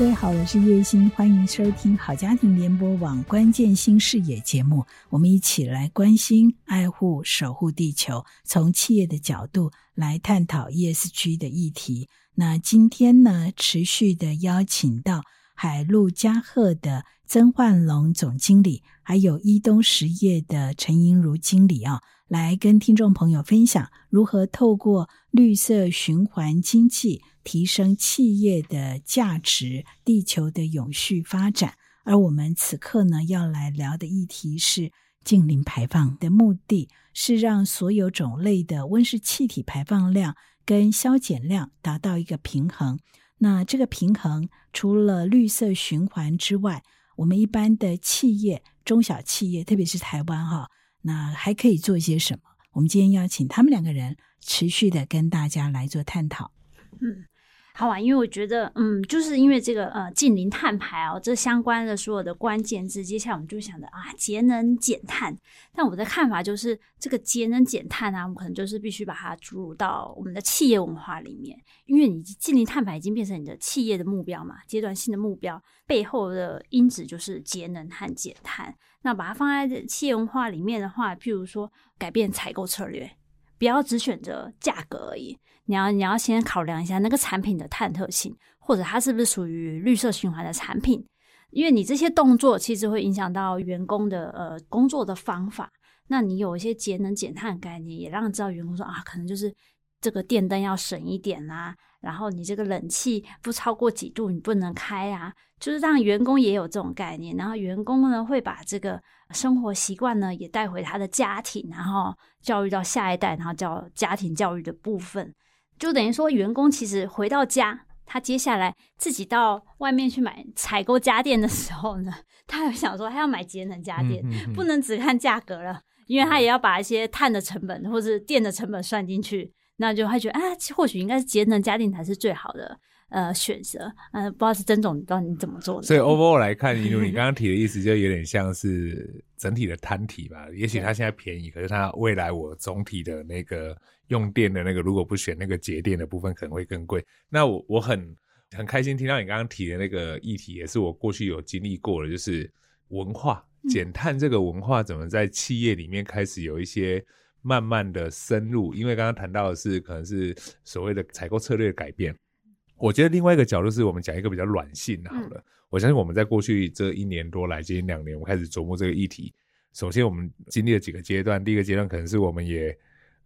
大家好，我是葉欣，歡迎收聽好家庭聯播網關鍵新視野節目。我們一起來關心、愛護、守護地球，從企業的角度來探討 ESG 的議題。那今天呢，持續的邀請到海陸家赫的曾煥龍總經理，還有壹東實業的陳盈如經理啊、哦。來跟聽眾朋友分享如何透過綠色循環經濟提升企業的價值、地球的永續發展。而我們此刻呢，要來聊的議題是淨零排放的目的，是讓所有種類的溫室氣體排放量跟消減量達到一個平衡。那這個平衡除了綠色循環之外，我們一般的企業、中小企業，特別是台灣哈、哦。那還可以做些什麼？我們今天邀請他們兩個人持續的跟大家來做探討。嗯。好吧、啊，因為我覺得，嗯，就是因為這個呃，淨零碳排哦、啊，這相關的所有的關鍵字，接下來我們就想着啊，節能減碳。但我的看法就是，這個節能減碳啊，我們可能就是必須把它注入到我們的企業文化裡面，因為你淨零碳排已經變成你的企業的目標嘛，階段性的目標背後的因子就是節能和減碳。那把它放在企業文化裡面的話，譬如說，改變採購策略，不要只選擇價格而已。你要你要先考量一下那個產品的碳特性，或者它是不是屬於綠色循環的產品。因為你這些動作其實會影響到員工的呃工作的方法。那你有一些節能減碳的概念，也讓你知道員工說啊，可能就是這個電燈要省一點啦、啊，然後你這個冷氣不超過幾度你不能開啊，就是讓員工也有這種概念。然後員工呢會把這個生活習慣呢也帶回他的家庭，然後教育到下一代，然後叫家庭教育的部分。就等於說，員工其實回到家，他接下來自己到外面去買採購家電的時候呢，他有想說他要買節能家電、嗯哼哼，不能只看價格了，因為他也要把一些碳的成本或者電的成本算進去，那就會覺得啊，或許應該是節能家電才是最好的。呃，選擇，呃，不知道是曾總，到底你怎麼做的？所以 overall 來看，因為你剛剛提的意思，就有點像是整體的攤體吧。 也許它現在便宜，可是它未來我總體的那個用電的那個，如果不選那個節電的部分，可能會更貴。那我我很很開心聽到你剛剛提的那個議題，也是我過去有經歷過的，就是文化減碳這個文化怎麼在企業裡面開始有一些慢慢的深入。嗯。因為剛剛談到的是，可能是所謂的採購策略的改變。我覺得另外一個角度是我們講一個比較軟性好了。嗯。我相信我們在過去這一年多來，接近兩年，我們開始琢磨這個議題。首先，我們經歷了幾個階段，第一個階段可能是我們也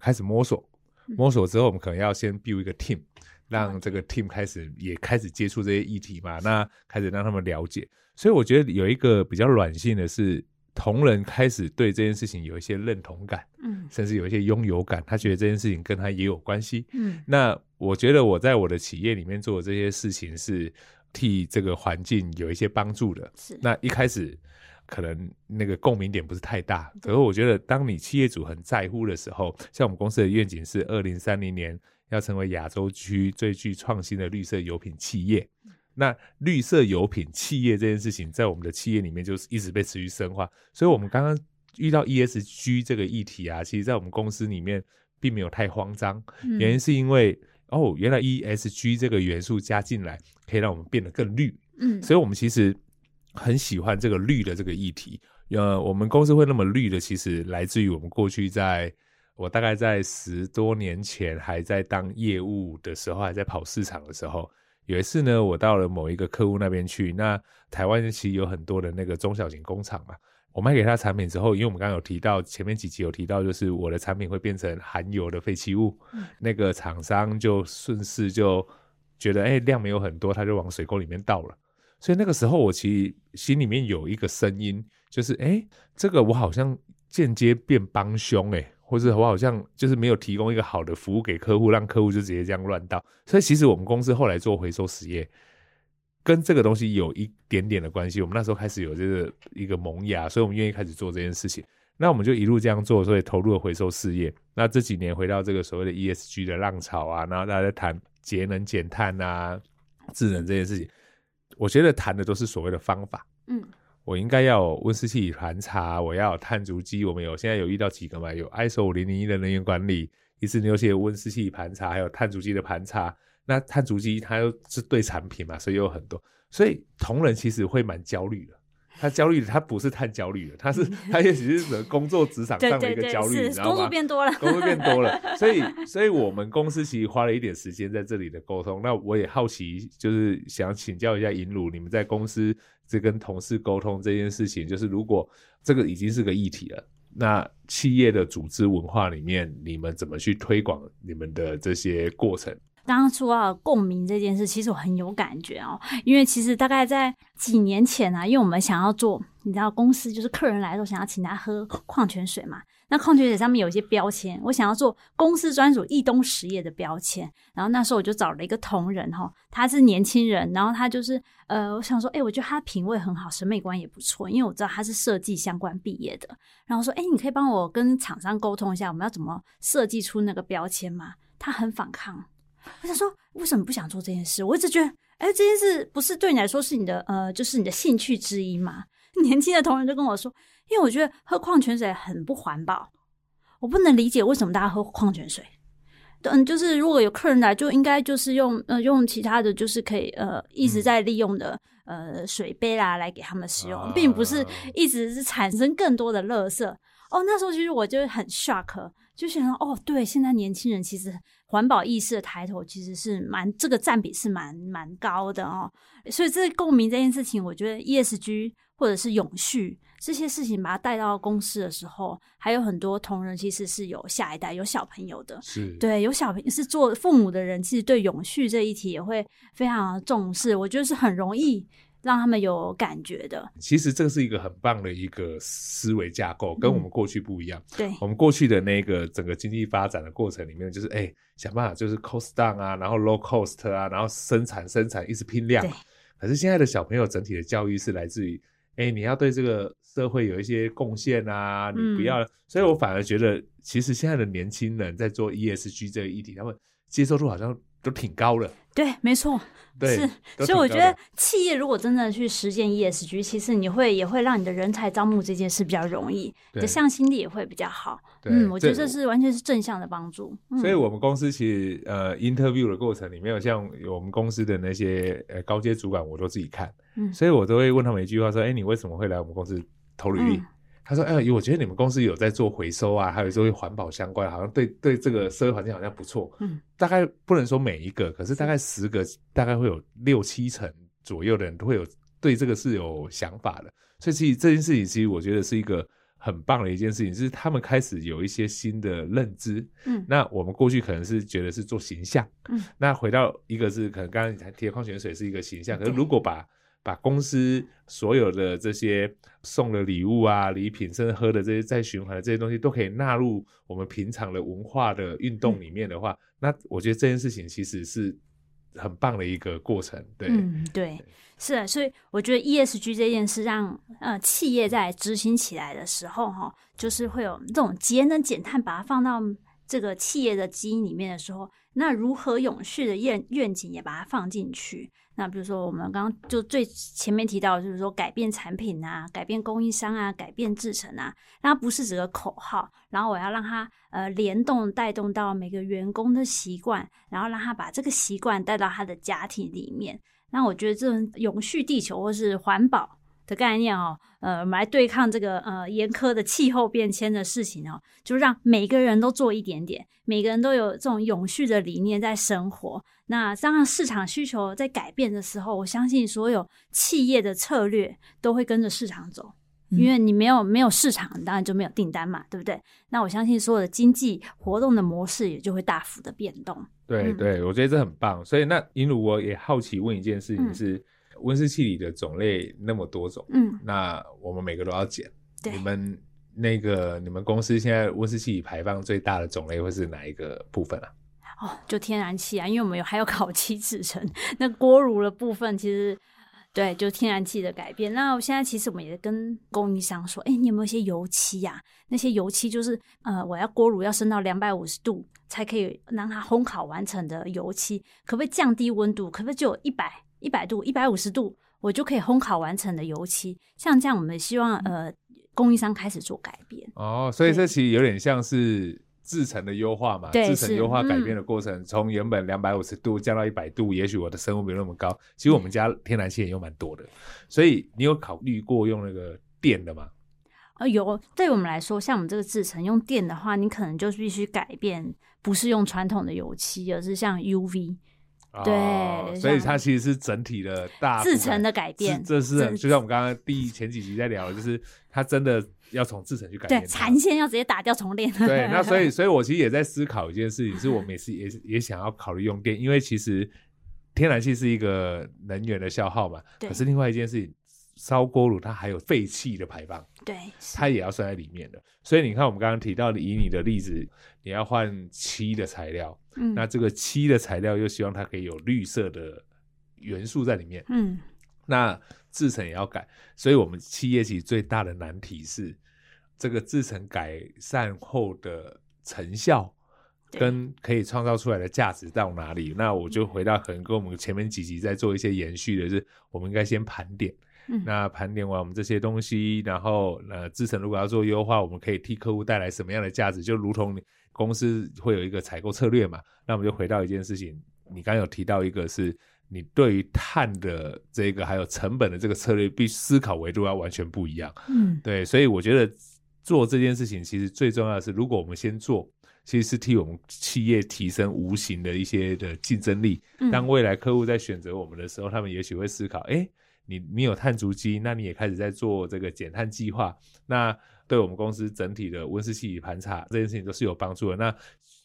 開始摸索，摸索之後，我們可能要先 build 一個 team，讓這個 team 開始也開始接觸這些議題嘛，那開始讓他們了解。所以，我覺得有一個比較軟性的是。同仁開始對這件事情有一些認同感，嗯，甚至有一些擁有感，他覺得這件事情跟他也有關係，嗯。那我覺得我在我的企業裡面做的這些事情是替這個環境有一些幫助的。是。那一開始可能那個共鳴點不是太大，是，可是我覺得當你企業主很在乎的時候，像我們公司的願景是二零三零年要成為亞洲區最具創新的綠色油品企業。那綠色油品企業這件事情，在我們的企業裡面就是一直被持續深化。所以，我們剛剛遇到 ESG 這個議題啊，其實在我們公司裡面並沒有太慌張，原因是因為哦，原來 ESG 這個元素加進來，可以讓我們變得更綠。嗯，所以我們其實很喜歡這個綠的這個議題。呃，我們公司會那麼綠的，其實來自於我們過去在，我大概在十多年前還在當業務的時候，還在跑市場的時候。有一次呢，我到了某一個客戶那邊去。那台灣其實有很多的那個中小型工廠嘛，我賣給他產品之後，因為我們剛剛有提到，前面幾集有提到，就是我的產品會變成含油的廢棄物，那個廠商就順勢就覺得，欸，量沒有很多，他就往水溝裡面倒了。所以那個時候，我其實心裡面有一個聲音，就是，欸，這個我好像間接變幫兇，欸。或者我好像就是沒有提供一個好的服務給客戶，讓客戶就直接這樣亂倒。所以其實我們公司後來做回收事業，跟這個東西有一點點的關係。我們那時候開始有這個一個萌芽，所以我們願意開始做這件事情。那我們就一路這樣做，所以投入了回收事業。那這幾年回到這個所謂的 ESG 的浪潮啊，然後大家在談節能減碳啊、智能這件事情，我覺得談的都是所謂的方法。嗯。我應該要溫室氣體盤查，我要有碳足跡，我們有現在有遇到幾個嘛？有 ISO 五零零一的能源管理，一直那些溫室氣體盤查，還有碳足跡的盤查。那碳足跡它又是對產品嘛，所以又有很多，所以同仁其實會蠻焦慮的。他焦慮的，他不是太焦慮的，他是 他也許是工作職場上的一個焦慮，然後工作變多了，所以所以我們公司其實花了一點時間在這裡的溝通。 那我也好奇，就是想請教一下盈如，你們在公司這跟同事溝通這件事情，就是如果這個已經是個議題了，那企業的組織文化裡面，你們怎麼去推廣你們的這些過程？當初啊，共鳴這件事，其實我很有感覺哦，因為其實大概在幾年前啊，因為我們想要做，你知道，公司就是客人來的時候，想要請他喝礦泉水嘛，那礦泉水上面有一些標籤，我想要做公司專屬壹東實業的標籤，然後那時候我就找了一個同仁哈、哦，他是年輕人，然後他就是呃，我想說，哎、欸，我覺得他品味很好，審美觀也不錯，因為我知道他是設計相關畢業的，然後說，哎、欸，你可以幫我跟廠商溝通一下，我們要怎麼設計出那個標籤嗎？他很反抗。我想說，為什麼不想做這件事？我一直覺得，哎、欸，這件事不是對你來說是你的呃，就是你的興趣之一嘛？年輕的同仁就跟我說，因為我覺得喝礦泉水很不環保，我不能理解為什麼大家喝礦泉水。嗯，就是如果有客人來，就應該就是用呃用其他的就是可以呃一直再利用的、嗯、呃水杯啦來給他們使用，並不是一直是產生更多的垃圾。哦，那時候其實我就很 shock，就想到哦，對，現在年輕人其實。環保意識的抬頭，其實是蠻這個占比是蠻蠻高的哦，所以這個共鳴這件事情，我覺得 ESG 或者是永續這些事情，把它帶到公司的時候，還有很多同仁其實是有下一代有小朋友的，對，有小朋友是做父母的人，其實對永續這一題也會非常重視，我覺得是很容易讓他們有感覺的，其實這是一個很棒的一個思維架構，跟我們過去不一樣。嗯、對，我們過去的那個整個經濟發展的過程裡面，就是哎想辦法就是 cost down 啊，然後 low cost 啊，然後生產生產一直拼量。可是現在的小朋友整體的教育是來自於，哎，你要對這個社會有一些貢獻啊，你不要。嗯、所以我反而覺得，其實現在的年輕人在做 ESG 這個議題，他們接受度好像。都挺高的，對，沒錯，對，是，所以我覺得企業如果真的去實踐 ESG，其實你會也會讓你的人才招募這件事比較容易，你的向心力也會比較好。嗯，我覺得這是完全是正向的幫助。嗯，所以我們公司其實呃，interview 的過程裡面，有像我們公司的那些呃高階主管，我都自己看，嗯，所以我都會問他們一句話：說，哎，你為什麼會來我們公司投履歷？嗯他說：“哎、欸，我我覺得你們公司有在做回收啊，還有做一些環保相關，好像對對這個社會環境好像不錯。嗯，大概不能說每一個，可是大概十個大概會有六七成左右的人都會有對這個是有想法的。所以其實這件事情其實我覺得是一個很棒的一件事情，就是他們開始有一些新的認知。嗯，那我們過去可能是覺得是做形象，嗯，那回到一個是可能剛剛你提的，礦泉水是一個形象，嗯、可是如果把。”把公司所有的這些送的禮物啊、禮品，甚至喝的這些再循環的這些東西，都可以納入我們平常的文化的運動裡面的話、嗯，那我覺得這件事情其實是很棒的一個過程。對，嗯、對，對，是啊，所以我覺得 E S G 這件事讓呃企業在執行起來的時候，哈、哦，就是會有這種節能減碳，把它放到。這個企業的基因裡面的時候，那如何永續的願願景也把它放進去。那比如說我們剛剛就最前面提到，就是說改變產品啊，改變供應商啊，改變製程啊，那不是只是口號，然後我要讓它呃聯動帶動到每個員工的習慣，然後讓他把這個習慣帶到他的家庭裡面。那我覺得這種永續地球或是環保。的概念哦，呃，來對抗這個呃嚴苛的氣候變遷的事情哦，就讓每個人都做一點點，每個人都有這種永續的理念在生活。那當然市場需求在改變的時候，我相信所有企業的策略都會跟着市場走。嗯，因為你沒有沒有市場，當然就沒有訂單嘛，對不對？那我相信所有的經濟活動的模式也就會大幅的變動。對對，我覺得這很棒。所以那盈如，我也好奇問一件事情是。嗯溫室氣體的種類那麼多種，嗯，那我們每個都要減。對。你們那個你們公司現在溫室氣體排放最大的種類會是哪一個部分啊？哦，就天然氣啊，因為我們有還有烤漆制成，那鍋爐的部分，其實對，就天然氣的改變。那我現在其實我們也在跟供應商說，哎、欸，你有沒有一些油漆呀、啊？那些油漆就是呃，我要鍋爐要升到兩百五十度才可以讓它烘烤完成的油漆，可不可以降低溫度？可不可以就一百？一百度、一百五十度，我就可以烘烤完成的油漆。像這樣，我們希望、嗯、呃，供應商開始做改變。哦，所以這其實有點像是製程的優化嘛，對製程優化改變的過程，嗯、從原本兩百五十度降到一百度，也許我的生物沒有那麼高。其實我們家天然氣也用蠻多的、嗯，所以你有考慮過用那個電的嗎？啊、呃，有。對我們來說，像我們這個製程用電的話，你可能就必須改變，不是用傳統的油漆，而是像 UV。哦、對，所以它其實是整體的大製程的改變，是這是,是就像我們剛剛第一前幾集在聊的，就是它真的要從製程去改變，對，產線要直接打掉重練。 對，那所以，所以我其實也在思考一件事情，是我們也是也 也想要考慮用電，因為其實天然氣是一個能源的消耗嘛，可是另外一件事情。燒鍋爐，它還有廢氣的排放，對，它也要算在裡面的。所以你看，我們剛剛提到的，以你的例子，你要換漆的材料，嗯，那這個漆的材料又希望它可以有綠色的元素在裡面，嗯，那製程也要改。所以，我們漆業其實最大的難題是，這個製程改善後的成效跟可以創造出來的價值到哪裡？那我就回到可能跟我們前面幾集在做一些延續的是，我們應該先盤點。嗯、那盤點完我們這些東西，然後呃，製程如果要做優化，我們可以替客戶帶來什麼樣的價值？就如同公司會有一個採購策略嘛，那我們就回到一件事情，你剛有提到一個是，是你對於碳的這個還有成本的這個策略，必須思考維度要完全不一樣。嗯，對，所以我覺得做這件事情其實最重要的是，如果我們先做，其實是替我們企業提升無形的一些的競爭力。當未來客戶在選擇我們的時候，他們也許會思考，哎、欸。你你有碳足跡，那你也開始在做這個減碳計劃，那對我們公司整體的溫室氣體盤查這件事情都是有幫助的。那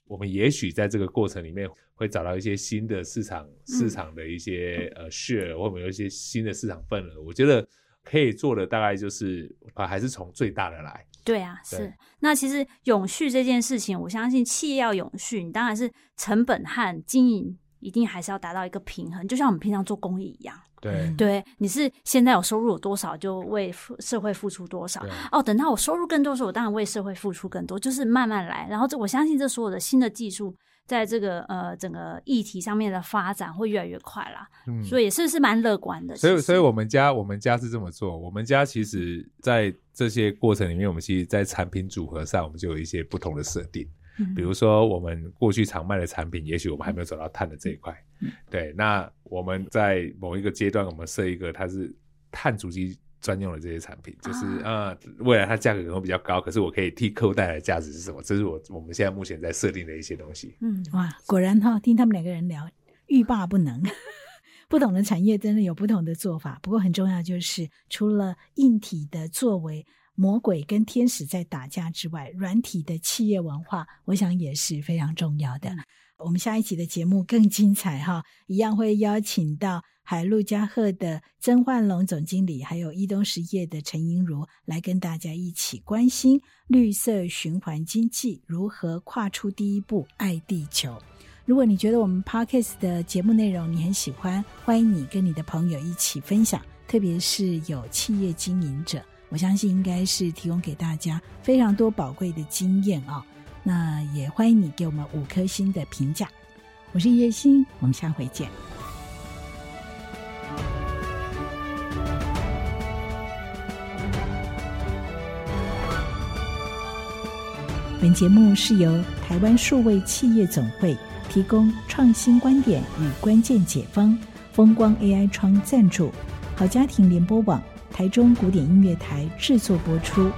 我們也許在這個過程裡面會找到一些新的市場市場的一些呃 share，、嗯、或者有一些新的市場份額、嗯。我覺得可以做的大概就是啊、呃，還是從最大的來。對啊對，是。那其實永續這件事情，我相信企業要永續，你當然是成本和經營。一定還是要達到一個平衡，就像我們平常做公益一樣。對，嗯、對，你是現在有收入有多少，就為社會付出多少。哦，等到我收入更多的時候，我當然為社會付出更多。就是慢慢來。然後這，我相信這所有的新的技術，在這個呃整個議題上面的發展會越來越快啦。嗯，所以也是是蠻樂觀的。所以，所以我們家我們家是這麼做。我們家其實，在這些過程裡面，我們其實在產品組合上，我們就有一些不同的設定。比如說，我們過去常賣的產品，也許我們還沒有走到碳的這一塊、嗯。對，那我們在某一個階段，我們設一個它是碳主機專用的這些產品，就是啊、呃，未來它價格可能會比較高，可是我可以替客戶帶來的價值是什麼？這是我我們現在目前在設定的一些東西。嗯，哇，果然哈，聽他們兩個人聊，欲罷不能。 不同的產業真的有不同的做法，不過很重要就是，除了硬體的作為。魔鬼跟天使在打架之外，軟體的企業文化，我想也是非常重要的。我們下一集的節目更精彩哈，一樣會邀請到海陸家赫的曾煥龍總經理，還有壹東實業的陳盈如來跟大家一起關心綠色循環經濟如何跨出第一步，愛地球。如果你覺得我們 Podcast 的節目內容你很喜歡，歡迎你跟你的朋友一起分享，特別是有企業經營者。我相信應該是提供給大家非常多寶貴的經驗啊、哦！那也歡迎你給我們五顆星的評價。我是葉欣，我們下回見。本節目是由台灣數位企業總會提供創新觀點與關鍵解方，風光 AI 窗贊助，好家庭聯播網。台中古典音樂台製作播出。